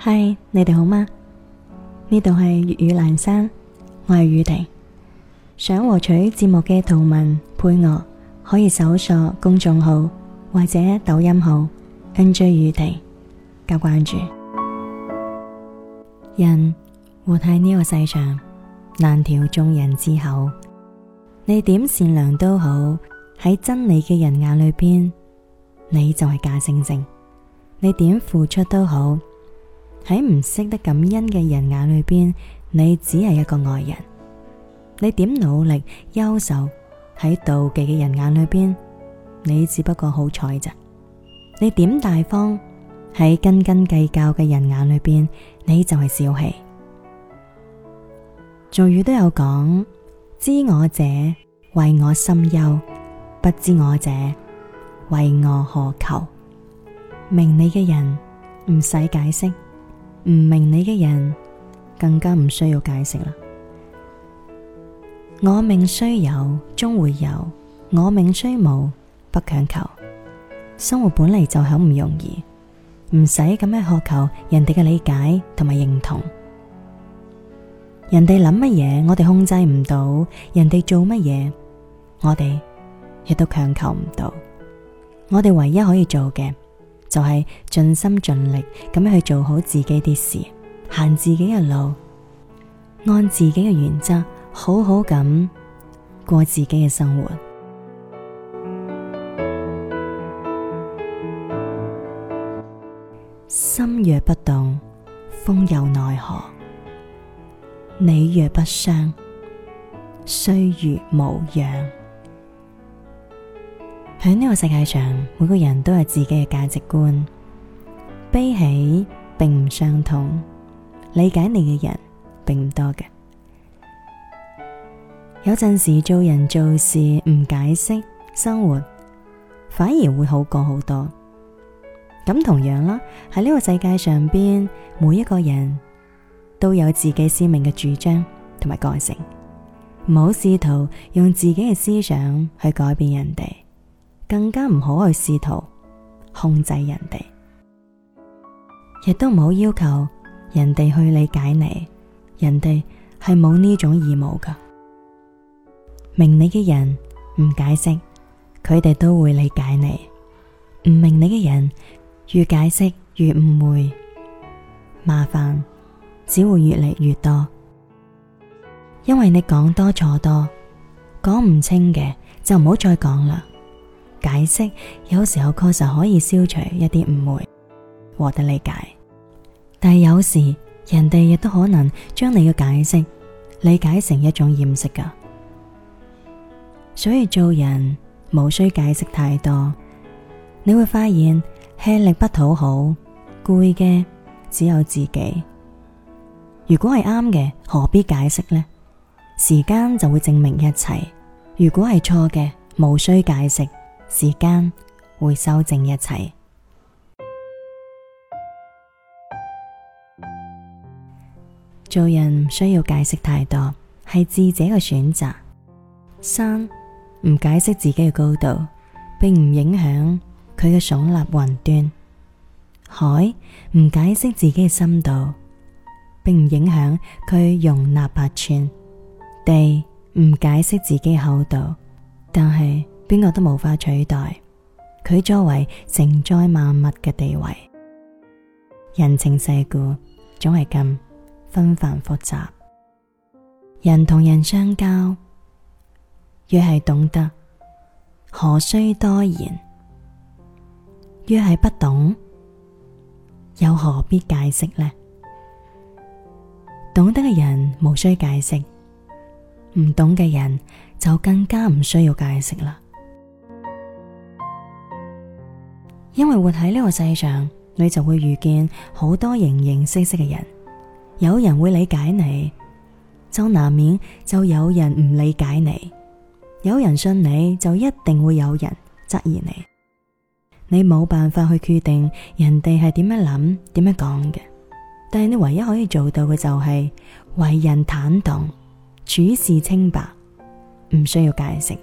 嗨，Hi, 你哋好嗎？呢度係粵語欄山，我係宇婷。想獲取節目嘅圖文配樂，可以搜索公眾號或者抖音號 NJ 宇婷加關注。人活喺呢個世上，難調眾人之口。你點善良都好，喺真理嘅人眼裏邊，你就係假惺惺。你點付出都好。喺唔識得感恩嘅人眼裏邊，你只係一個外人；你點努力優秀，喺妒忌嘅人眼裏邊，你只不過好彩咋；你點大方，喺斤斤計較嘅人眼裏邊，你就係小氣。俗語都有講：知我者為我心憂，不知我者為我何求。明你嘅人唔使解釋。唔明你嘅人更加唔需要解釋啦。我命若有，終會有；我命若無，不強求。生活本嚟就好唔容易，唔使咁樣渴求人哋嘅理解同埋認同。人哋諗乜嘢，我哋控制唔到；人哋做乜嘢，我哋亦都強求唔到。我哋唯一可以做嘅，就係盡心盡力咁樣去做好自己啲事，行自己嘅路，按自己嘅原則，好好咁過自己嘅生活。心若不動，風又奈何？你若不傷，歲月無恙。喺呢個世界上，每個人都有自己嘅價值觀，悲喜並唔相同。理解你嘅人並唔多嘅。有陣時做人做事唔解釋，生活反而會好過好多。咁同樣啦，喺呢個世界上邊，每一個人都有自己鮮明嘅主張同埋個性，唔好試圖用自己嘅思想去改變人哋。更加唔好去試圖控制人哋，亦都唔好要，要求人哋去理解你，人哋係冇呢種義務噶。明你嘅人唔解釋，佢哋都會理解你；唔明你嘅人，越解釋越誤會，麻煩只會越嚟越多。因為你講多錯多，講唔清嘅就唔好再講啦。解釋有時候確實可以消除一啲誤會，獲得理解。但係有時人哋亦都可能將你嘅解釋理解成一種掩飾㗎，所以做人無需解釋太多。你會發現吃力不討好，攰嘅只有自己。如果係啱嘅，何必解釋呢？時間就會證明一切。如果係錯嘅，無需解釋。時間會修正一切。做人唔需要解釋太多，係智者嘅選擇。山唔解釋自己嘅高度，並唔影響佢嘅聳立雲端。海唔解釋自己嘅深度，並唔影響佢容納百川。地唔解釋自己嘅厚度，但係。邊個都無法取代佢作為承載萬物嘅地位。人情世故總係咁紛繁複雜，人同人相交，越係懂得，何須多言？越係不懂，又何必解釋呢？懂得嘅人無須解釋，唔懂嘅人就更加唔需要解釋啦。因為活喺呢個世上，你就會遇見好多形形色色嘅人，有人會理解你，就難免就有人唔理解你；有人信你，就一定會有人質疑你。你冇辦法去決定人哋係點樣諗、點樣講嘅，但係你唯一可以做到嘅就係為人坦蕩，處事清白，唔需要解釋，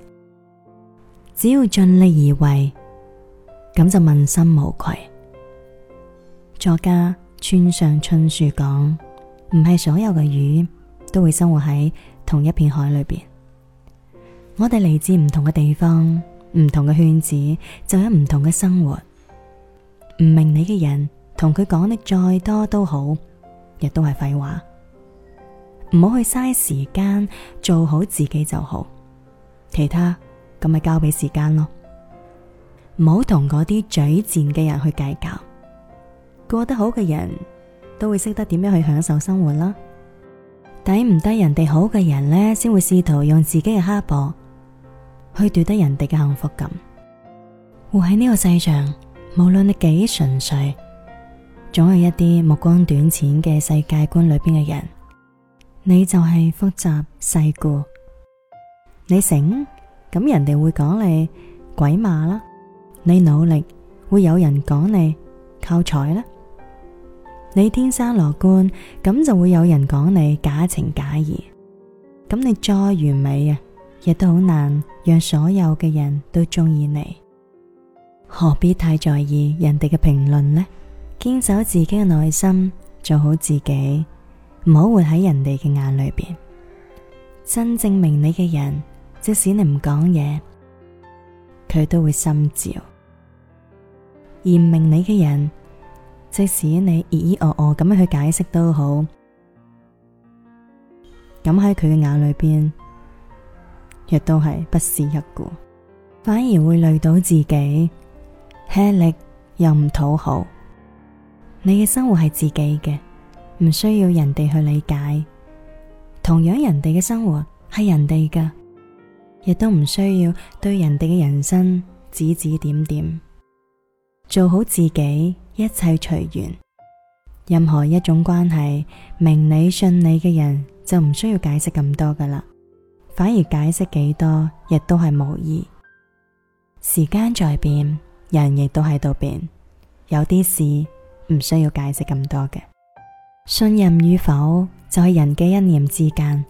只要盡力而為。咁就問心無愧。作家村上春樹講：唔係所有嘅魚都會生活喺同一片海裏邊。我哋嚟自唔同嘅地方，唔同嘅圈子，就有唔同嘅生活。唔明你嘅人，同佢講得再多都好，亦都係廢話。唔好去嘥時間，做好自己就好。其他，咁咪交俾時間咯。唔好同嗰啲嘴賤嘅人去計較，過得好嘅人都會識得點樣去享受生活啦。抵唔得人哋好嘅人呢,先會試圖用自己嘅刻薄去奪得人哋嘅幸福感。活喺呢個世上，無論你幾純粹，總有一啲目光短淺嘅世界觀裏邊嘅人。你就係複雜世故，你醒咁人哋會講你鬼馬啦。你努力會有人講你靠彩啦，你天生樂觀咁就會有人講你假情假意，咁你再完美啊，亦都好難讓所有嘅人都中意你。何必太在意人哋嘅評論呢？堅守自己嘅內心，做好自己，唔好活喺人哋嘅眼裏邊。真正明你嘅人，即使你唔講嘢，佢都會心照。而唔明你嘅人，即使你咦咦哦哦咁樣去解釋都好，咁喺佢嘅眼裏邊，亦都係不屑一顧，反而會累到自己，吃力又唔討好。你嘅生活係自己嘅，唔需要人哋去理解；同樣人哋嘅生活係人哋嘅，亦都唔需要對人哋嘅人生指指點點。做好自己，一切隨緣。任何一種關係，明理信你嘅人就唔需要解釋咁多噶啦，反而解釋幾多亦都係無意義。時間在變，人亦都喺度變，有啲事唔需要解釋咁多嘅。信任與否就係人嘅一念之間。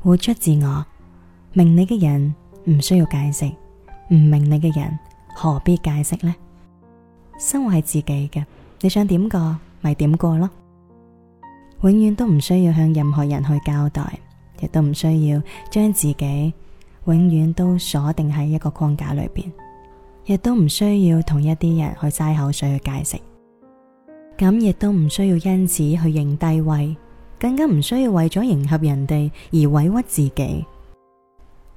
活出自我，明理嘅人唔需要解釋，唔明理嘅人何必解釋呢？生活係自己嘅，你想點過咪點過咯。永遠都唔需要向任何人去交代，亦都唔需要將自己永遠都鎖定喺一個框架裏邊，亦都唔需要同一啲人去嘥口水去解釋。咁亦都唔需要因此去認低位，更加唔需要為咗迎合人哋而委屈自己。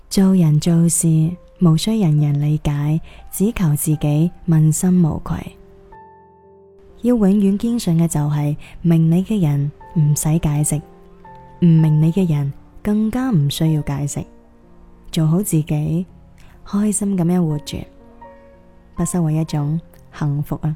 做人做事。無需人人理解，只求自己問心無愧。要永遠堅信嘅就係明你嘅人唔使解釋，唔明你嘅人更加唔需要解釋。做好自己，開心咁樣活住，不失為一種幸福啊！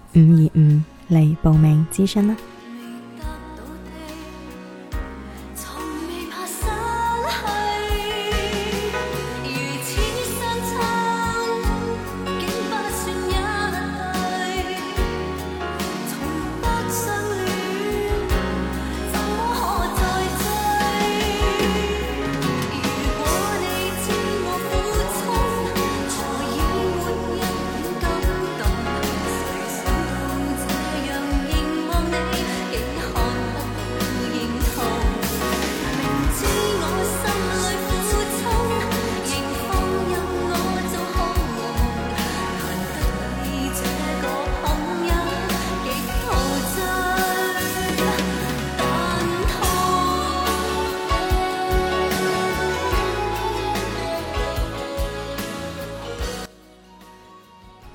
五二五嚟報名諮詢啦！